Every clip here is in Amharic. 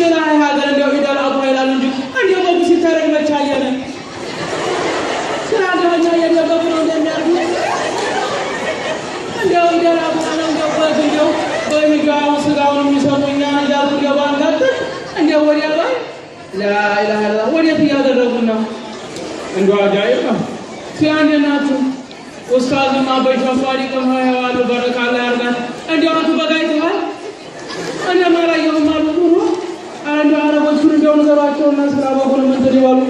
ሴና ሀገር እንዲያው ሂዳል አቡ ይላል እንጂ እንዲ ሞጉ ሲታረግ መቻየነ ስራ እንደ መቻየነ ነው እንደሚያርጉ እንዲያው ሂዳል አቡ ነው እንዲያው በት እንዲያው በሚጋው ስጋውን የሚሰጡኛ እያሉ ገባ እንዳትል እንዲያው ወዲያ ባይ ላኢላሃ ኢላ ወዴት እያደረጉን ነው? እንደ አጃይብ ነው። ሲያ እንዴት ናችሁ? ኡስታዝም ሀያዋሉ በረካ ላይ አርጋት በጋይተዋል እኔ ማላየሁም ጊዜውን ዘሯቸውና ስራ በኩል ምንትን ይበሉ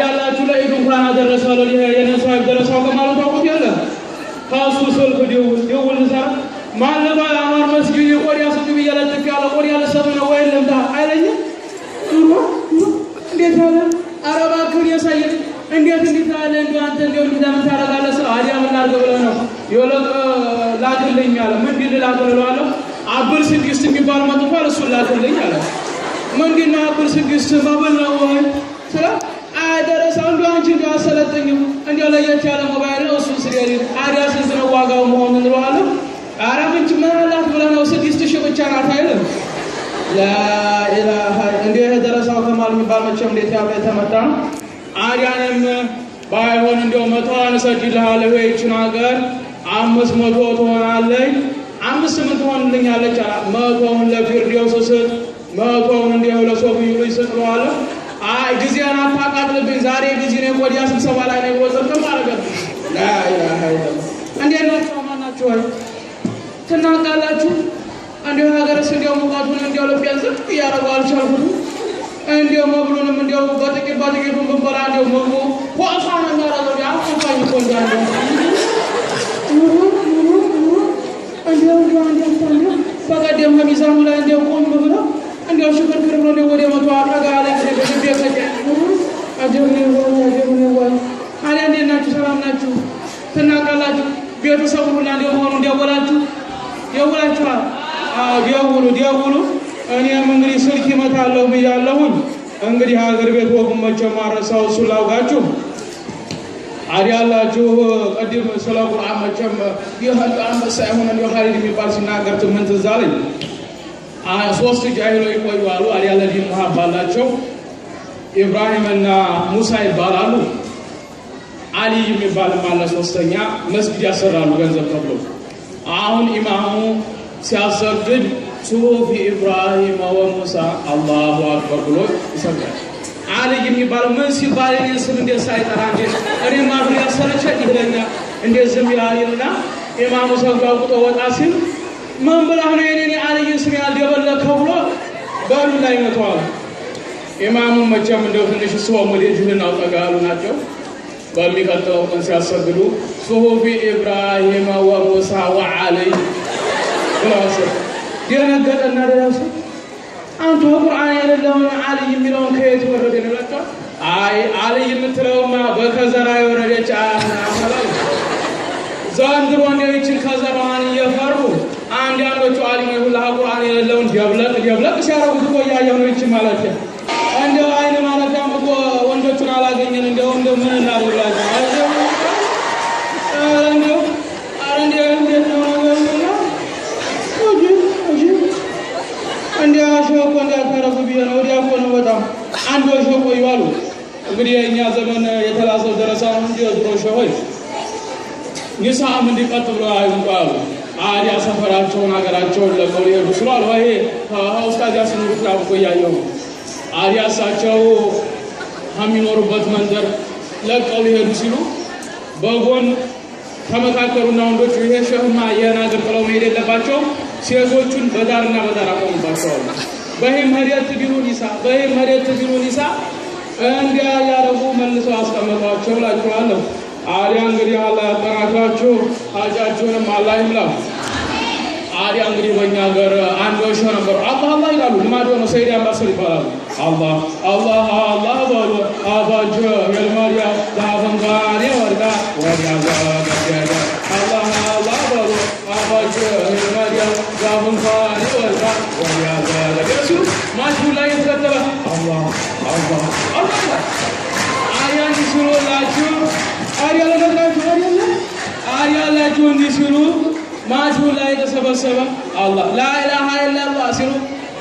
ያላችሁ ላይ ድንኳን አደረሰ ብለው የነሰው ያደረሰው ከማለት ታውቁት ያለ ከሱ ስልክ ደውል ደውል ሰራ ማለባ አማር መስጊድ የቆዲያ ስጁ ብያለጥፍ ያለ ቆዲያ ልሰብ ነው ወይ ለምታ አይለኝም ኑሮ እንዴት ያለ አረባ ክብር የሳየ እንዴት እንዴት ያለ እንዲ አንተ እንዲ እንዲ ለምን ታረጋለህ ስለ አዲያ ምን ላድርግ ነው የወለቅ ላክልኝ አለ ምን ድል ላክልለዋለሁ አብል ስድስት የሚባል መጥፏል እሱን ላክልኝ አለ መንግና ብርስግስት መብል ነው ወይ ስለ አደረሰ አንዱ አንቺ እንዲ አሰለጠኝም እንዲ ለየት ያለ ሞባይል ነው እሱን ስገሪ አዲያ ስንት ነው ዋጋው መሆኑ እንለዋለሁ። አረ ምንጭ ምን አላት ብለህ ነው ስድስት ሺህ ብቻ ናት አይልም። ላኢላሃ እንዲህ የደረሳው ከማል የሚባል መቼም እንዴት ያለ የተመጣ አዲያንም ባይሆን እንዲያው መቶ አንሰጅልሃለሁ ይችን ሀገር አምስት መቶ ትሆናለች። አምስት ምን ትሆንልኛለች? መቶውን ለፊርዴውስ ስጥ መቶውን እንዲያው ለሶፍዩ ልጅ ሰቅለዋለሁ። አይ ጊዜን አታቃጥልብኝ፣ ዛሬ ቢዚ ነኝ፣ ወዲያ ስብሰባ ላይ ነኝ፣ ወዘተ እንዴት ናቸው ማናችሁ? አይ ትናቃላችሁ። እንዲያው ሀገርስ እንዲያው ሙቃቱን እንዲያው ለፊያዘ እያረጉ አልቻልኩትም። እንዲያው መብሉንም እንዲያው በጥቂት በጥቂቱን ብንበላ እንዲያው እንግዲህ ወደ መቶ አጠጋ ላይ ከግቤ ታዲያ እንዴት ናችሁ? ሰላም ናችሁ? ትናቃላችሁ? ቤተሰቡ ሁላ ሊሆኑ ደወላችሁ ደውላችኋል? ደውሉ ደውሉ። እኔም እንግዲህ ስልክ ይመታለሁ ብያለሁኝ። እንግዲህ ሀገር ቤት ወጉን መቼም ማረሳው እሱ ላውጋችሁ አዲያላችሁ ቅድም ስለ ቁርአን መቼም ይህ አንበሳ የሆነ ሀሊድ የሚባል ሲናገር ትምህርት ትዝ አለኝ ሶስት ጃይሎ ይቆዩ አሉ። አሊያ ለዲን መሀብ ባላቸው ኢብራሂምና ሙሳ ይባላሉ። አሊ የሚባል አለ ሶስተኛ። መስጊድ ያሰራሉ ገንዘብ ተብሎ አሁን ኢማሙ ሲያሰግድ ሱፊ ኢብራሂም ወሙሳ አላሁ አክበር ብሎ ይሰግዳል። አሊ የሚባል ምን ሲባል ይህን ስም እንዴት ሳይጠራ እንዴት እኔ ማዱ ያሰረቸ ይለኛ እንዴት ዝም ይላልና ኢማሙ ሰግዶ ቁጦ ወጣ ሲል ምን ብለህ ነው የኔ አልይን ስም ያልደበለከው ብሎ በሉ ላይ መተዋል። ኢማሙን መቼም እንደው ትንሽ ስሆም ወደ ጅህን አውጠጋሉ ናቸው። በሚቀጥለው ቀን ሲያሰግዱ ኢብራሂም ወሙሳ ወዓለይ ብለዋሰ የነገጠና ደራሱ አንተ ቁርአን የሌለውን አልይ የሚለውን ከየት ወረደ አይ አልይ የምትለውማ በከዘራ የወረደች አያምና ዘንድሮ እንዲያችን ከዘራዋን እየፈሩ ሰዎቹ አልይሁ ሁላ ቁርአን የሌለውን ጀብለቅ ጀብለቅ ሲያረጉት እኮ እያየሁ ነው። ይቺ ማለት እንደው አይን ማለፊያም እኮ ወንዶቹን አላገኘን። እንደው እንደ ምን እናደርጋለን? እንደው ኧረ እንዳታረጉ ብዬ ነው። ወዲያ እኮ ነው በጣም እንግዲህ የእኛ ዘመን የተላሰው ደረሳ ነው እንጂ የድሮ ሸሆች ኒሳም እንዲቀጥ ብሎ አዲያ ሰፈራቸውን ሀገራቸውን ለቀው ሊሄዱ ስሏል። ይሄ ኡስታዚያ ስንጉት ዳብቆ እያየሁ ነው። አዲያ እሳቸው ከሚኖሩበት መንደር ለቀው ሊሄዱ ሲሉ በጎን ተመካከሉና ወንዶቹ ይሄ ሸህማ የናገር ጥለው መሄድ የለባቸው ሴቶቹን በዳርና በዳር አቆሙባቸዋል። በይህም መሬት ቢሉ ኒሳ በይህም መሬት ቢሉ ኒሳ እንዲያ ያረጉ መልሰው አስቀመጧቸው እላችኋለሁ። ആര്യാങ്കരി ആല തറാക്കാച്ചു ഹാജാച്ചുന മാലായിംല ആര്യാങ്കരി വൈനാഗർ ആൻഗോഷോ നമ്പർ അല്ലാഹ് അല്ലാഹ് ഇലാലു നിമാരി ഒന്ന് സൈരി അംബാസരി പാലാൽ അല്ലാഹ് അല്ലാഹ് അല്ലാഹ് വരു ആബാജ് യൽമാരിയ ദാഫംകാരി വർഗ വരിയാഗ ഗബ്യാഗ അല്ലാഹ് അല്ലാഹ് വരു ആബാജ് യൽമാരിയ ദാഫംകാരി വർഗ വരിയാഗ ഗബ്യാഗ മാഷുലൈ തത്തല അല്ലാഹ് അല്ലാഹ് അല്ലാഹ് ሲሉ ማጁ ላይ የተሰበሰበ አላህ ላኢላሃ ኢላላህ ሲሉ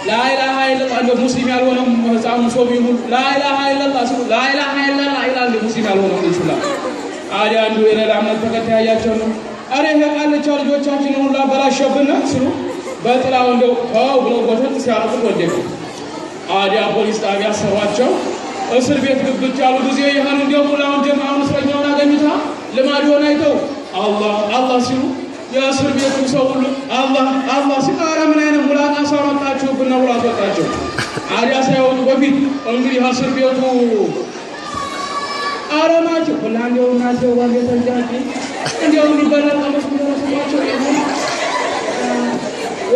ላኢላሃ ኢላላህ እንደ ሙስሊም ያልሆነ ህፃኑ ሰው ይሁን ላኢላሃ ኢላላህ ሲሉ ላኢላሃ ኢለላህ ይላል ሙስሊም ያልሆነ ይችላል። አዲያ አንዱ የሌላ እምነት ተከታይ ያያቸው ነው። አረ የቃልቻው ልጆቻችንን ሁሉ አበላሸብን ሲሉ በጥላው እንደው ተው ብለው ጎተት ሲያረቁ ወደቁ። አዲያ ፖሊስ ጣቢያ ሰሯቸው። እስር ቤት ግብት ያሉ ጊዜ ይሄን እንደው ሙላውን ጀማውን እስረኛውን አገኙታ ልማድ ሆን አይተው አላህ አላህ ሲሉ የእስር ቤቱ ሰው ሁሉ አላህ አላህ ሲል፣ ኧረ ምን አይነት ሙላት አሳመጣችሁብና ሙላት ወጣቸው። አዲያ ሳይወጡ በፊት እንግዲህ እስር ቤቱ አረማቸው ሁላ እንዲያው እናቸው ባልቤተጃ እንዲያው እንዲበረጠመስ ሚደረስባቸው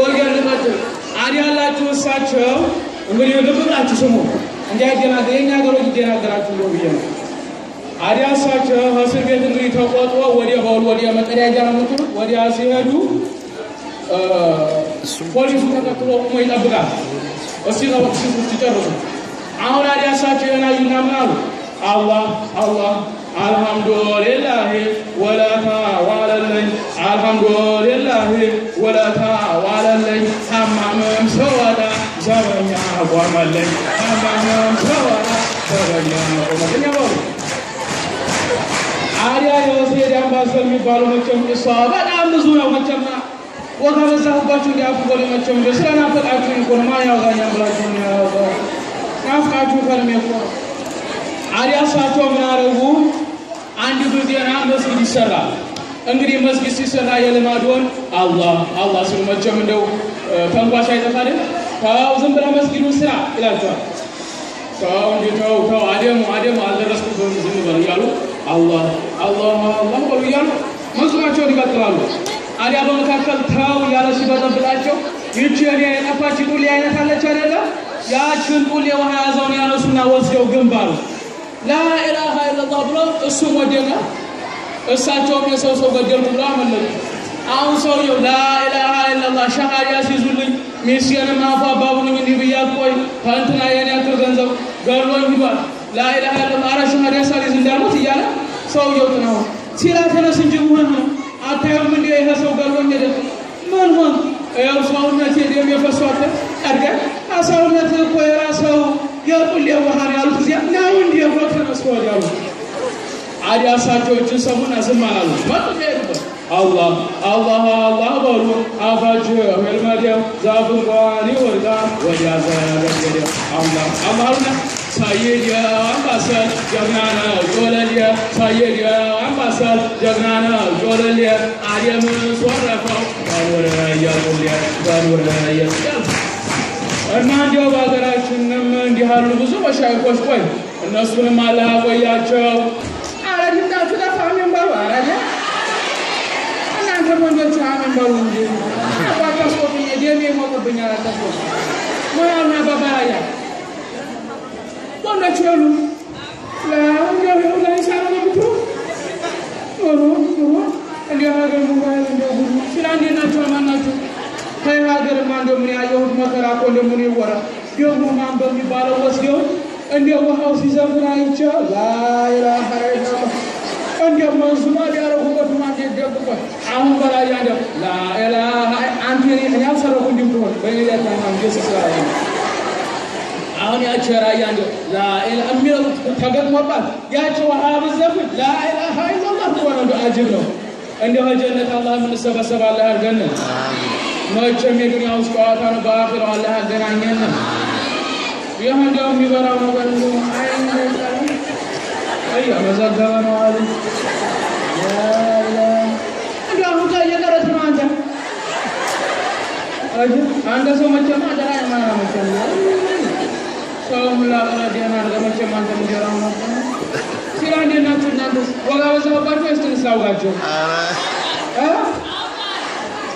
ወገን ልጠቸው አዲያላችሁ እሳቸው እንግዲህ ልብጣችሁ ስሙ እንዲያገናገ የኛ ሀገሮች ይገናገራችሁ ብዬ ነው አዲያ እሳቸው እስር ቤት እንግዲህ ተቆጥሮ ወደ ሆል ወደ መጠለያ ነው ምትሉ ወዲያ ሲሄዱ ፖሊሱ ተከትሎ ቆሞ ይጠብቃል። እስቲ ተወቅስ ትጨርሱ። አሁን አዲያ እሳቸው የናዩና ምን አሉ? አላህ አላህ አልሐምዱሊላህ ወለታ ዋለለኝ አልሐምዱሊላህ ወለታ ዋለለኝ ታማምም ሰወዳ ዘበኛ ቆመለኝ ታማምም ሰወዳ ዘበኛ ቆመለኝ ያባሉ ታዲያ የወሴድ አምባሰል የሚባለው መቼም እሷ በጣም ብዙ ነው። መቼም ወከበዛሁባችሁ እንዲያፉ ቆሌ መቼም እንዲ ስለናፈቃችሁ ይኮን ማን ያውጋኛል ብላችሁ ናፍቃችሁ ከንም የኮ አዲያ እሳቸው ምናረጉ አንድ ጊዜና መስጊድ ይሰራል። እንግዲህ መስጊድ ሲሰራ የልማድ ሆን አላህ አላህ ሲሉ መቼም እንደው ተንኳሽ አይጠፋ ተው ዝም ብለህ መስጊዱን ስራ ይላቸዋል። ተው እንዲ ተው ተው አደሙ አደሙ አልደረስኩ ዝም በሉ እያሉ አላህ አላህ አላህ በሉ እያሉ መዝሙራቸውን ይቀጥላሉ። አሊያ በመካከል ተው ያለ ሲበጠብጣቸው ይቺ እኔ የጠፋች ጡሌ አይነት አለች አይደለ? ያችን ጡሌ ውሃ ያዘውን ያነሱና ወስደው ግንባሩ ላኢላሃ ኢለላህ ብሎ እሱም ወደቀ፣ እሳቸውም የሰው ሰው ገደልኩ ብሎ አመለጡ። አሁን ሰውየው ላኢላሃ ኢለላህ ሸሃዳ ሲይዙልኝ ሚስቴንም አፏ አባቡልኝ እንዲህ ብያት ቆይ ከእንትና የኔ ያክል ገንዘብ ገድሎኝ ሂዷል ላኢላሃ ኢለላህ አረ ሸሃዳ ሳሊዝ እንዳሉት እያለ ሰውየው ነው ሲላ ተነስ እንጂ መሆን ነው አታየውም እንዲ ይሄ ሰው ገሎኝ ሄደ ምን ሆን ያው ሰውነት ደም የፈሷት አድጋ ሰውነት እኮ የራሰው የጡል የውሃን ያሉት እዚያ ነው እንዲ ብሎ ተነስቶ ወዲያሉ አዲ እሳቸው እጅን ሰሙና ዝም መጡ ሄዱበት አላህ አላህ አላህ በሉ አፋቸው ሄልመዲያ ዛፍንኳኒ ወልቃ ወዲያ ዘ አላ አላሁና ሳይድያ እና እንዲያው በሀገራችንም እንዲህ ያሉ ብዙ መሻይኮች ቆይ እነሱንም አላህ ቆያቸው። አረድና ፍለፋ ሚንበሩ አረደ እናንተ ወንዶቹ አሚንበሩ እንጂ አባቀሶ ደሜ ይሞቅብኛል አቀሶ ናቸው ያሉ ለገበው ላይ ሳራ እንደ ውሃው ሲዘፍን አይቼ አሁን በላይ አንተ ያሰረኩ እንዲም ትሆን በእኔ ላይ ታማም ጌስ ስራ አሁን ያቺ ራያ እንደ ላኢላ የሚሉት ተገጥሞባት ያቺ ውሃ ብዘፍን ላኢላሃ ኢላላህ ትሆነ እንደ አጅብ ነው። እንደ በጀነት አላህ የምንሰበሰብ አላህ ያድርገን። መቼም የዱንያ ውስጥ ጨዋታ ነው። በአኺራው አላህ ያገናኘን። ይህ የሚበራው ነገር ነው አሉ አንተ ሰው መቼም አደራ የማና መቼም ሰው ሁሉ አቅራቢያን አድርገ አንተ እንጀራ ሲራ እንዴት ናችሁ እናንተ? ወጋ በዛባችሁ ወይስ ትንሽ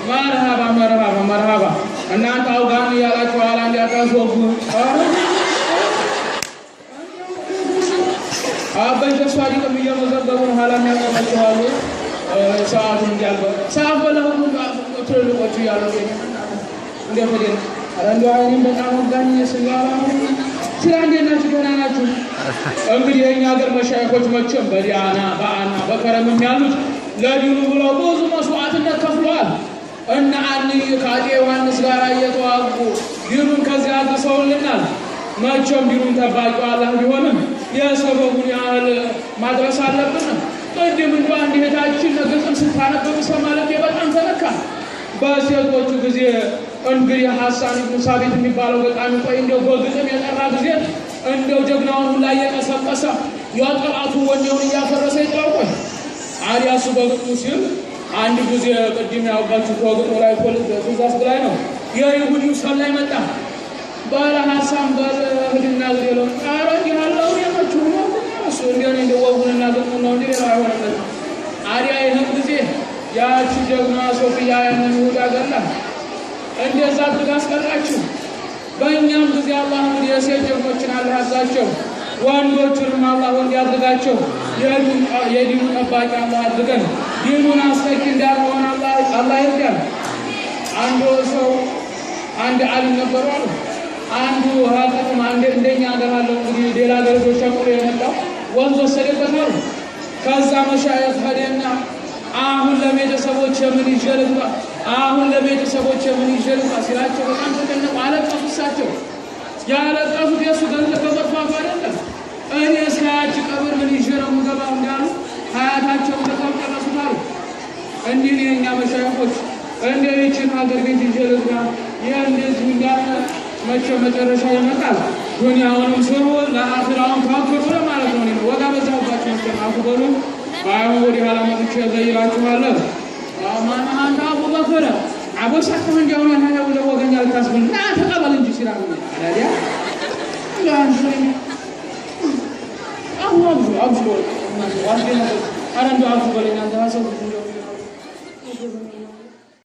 መርሃባ መርሃባ መርሃባ እናንተ አውጋን እያላችሁ ኋላ እንዲያታስወጉ አባይ ተስፋ እየመዘገቡ ኋላ የሚያቀማችኋሉ ሰዓቱን እንዲያልበ ሰዓት በለሁሉ ትልልቆቹ እያሉ እንደ ሆዴ ኧረ አይኔም በጣም ወጋኝ ስጋባ ስራ እንዴት ናችሁ? ደህና ናችሁ? እንግዲህ የእኛ ሀገር መሻይኮች መቼም በዲያና በአና በከረም ያሉት ለዲኑ ብለው ብዙ መስዋዕትነት ከፍለዋል እና አንይ ከአጤ ዮሐንስ ጋር እየተዋጉ ዲኑን ከዚያ አድርሰውልናል። መቼም ዲኑን ጠባቂው አላህ ቢሆንም የሰበቡን ያህል ማድረስ አለብን። ቅድም እንደ አንድ እህታችን ግጥም ስታነብ ሰማለቴ በጣም ተነካ። በሴቶቹ ጊዜ እንግዲህ ሐሳን ኢብኑ ሳቢት የሚባለው ገጣሚ ቆይ እንደው በግጥም የጠራ ጊዜ እንደው ጀግናውን ሁላ እየቀሰቀሰ የጠላቱ ወኔውን እያፈረሰ ይጥራው። ቆይ አዲያ ሲል አንድ ጊዜ ቅድም ያውቃችሁ በግጥሙ ላይ ትእዛዝ ላይ ነው የይሁዲው ሰላይ መጣ። ባለ ሐሳን ባለ ህድና ጊዜ ለው አረግ ያለው የመችሁ እሱ እንዲሆን እንደ ወጉንና ግጥሙ ነው እንዲ ሌላ አይሆንበት። አዲያ ይህን ጊዜ ያቺ ጀግና ሶፊያ ያንን ይሁዳ ገላ እንደዛ ትላስቀራችሁ። በእኛም ጊዜ አላህ እንግዲህ የሴት ጀግኖችን አልራዛቸው፣ ወንዶቹንም አላህ ወንድ ያድርጋቸው። የዲኑ ጠባቂ አላህ አድርገን፣ ዲኑን አስጠቂ እንዳልሆን አላህ ይርዳን። አንዱ ሰው አንድ አሊም ነበሩ አሉ አንዱ ሀቅም አንድ እንደኛ ሀገር አለው እንግዲህ ሌላ ሀገር አቁሎ የመጣው ወንዝ ወሰደበት አሉ። ከዛ መሻየት ሄደና አሁን ለቤተሰቦች የምን ይዤ ልግባ ለቤተሰቦች የምንይዘን ሲላቸው በጣም ተጨነቁ፣ አለቀሱ። እሳቸው ያለቀሱት የእሱ ገንዘብ በመጥፋቱ አይደለም። እኔ እስከ ቀብር ምን ይዤ ነው የምገባው እንዳሉ ሀያታቸውን በጣም ቀረሱት አሉ። እንዲህ ነው እኛ መሻይኮች እንደ ይችን ሀገር ቤት ይዤ ልግባ? ይህ እንደዚሁ እንዳለ መቼ መጨረሻ ይመጣል። ዱንያውንም ስሩ ለአኽራውን ታክሩ ማለት ነው። ወጋ በዛባቸው መስተናፉ በሉ ባይሆን ወዲህ ኋላ መጥቼ ዘይላችኋለሁ። ማን አንተ አቡበክር አቦሳ ከመንጃውን ያህለው ለወገኛ ልታስብል ና ተቀበል እንጂ ሲራ ታዲያ አሁ አብዙ አብዙ አረ እንደው አብዙ በለኛ አንተ ሰው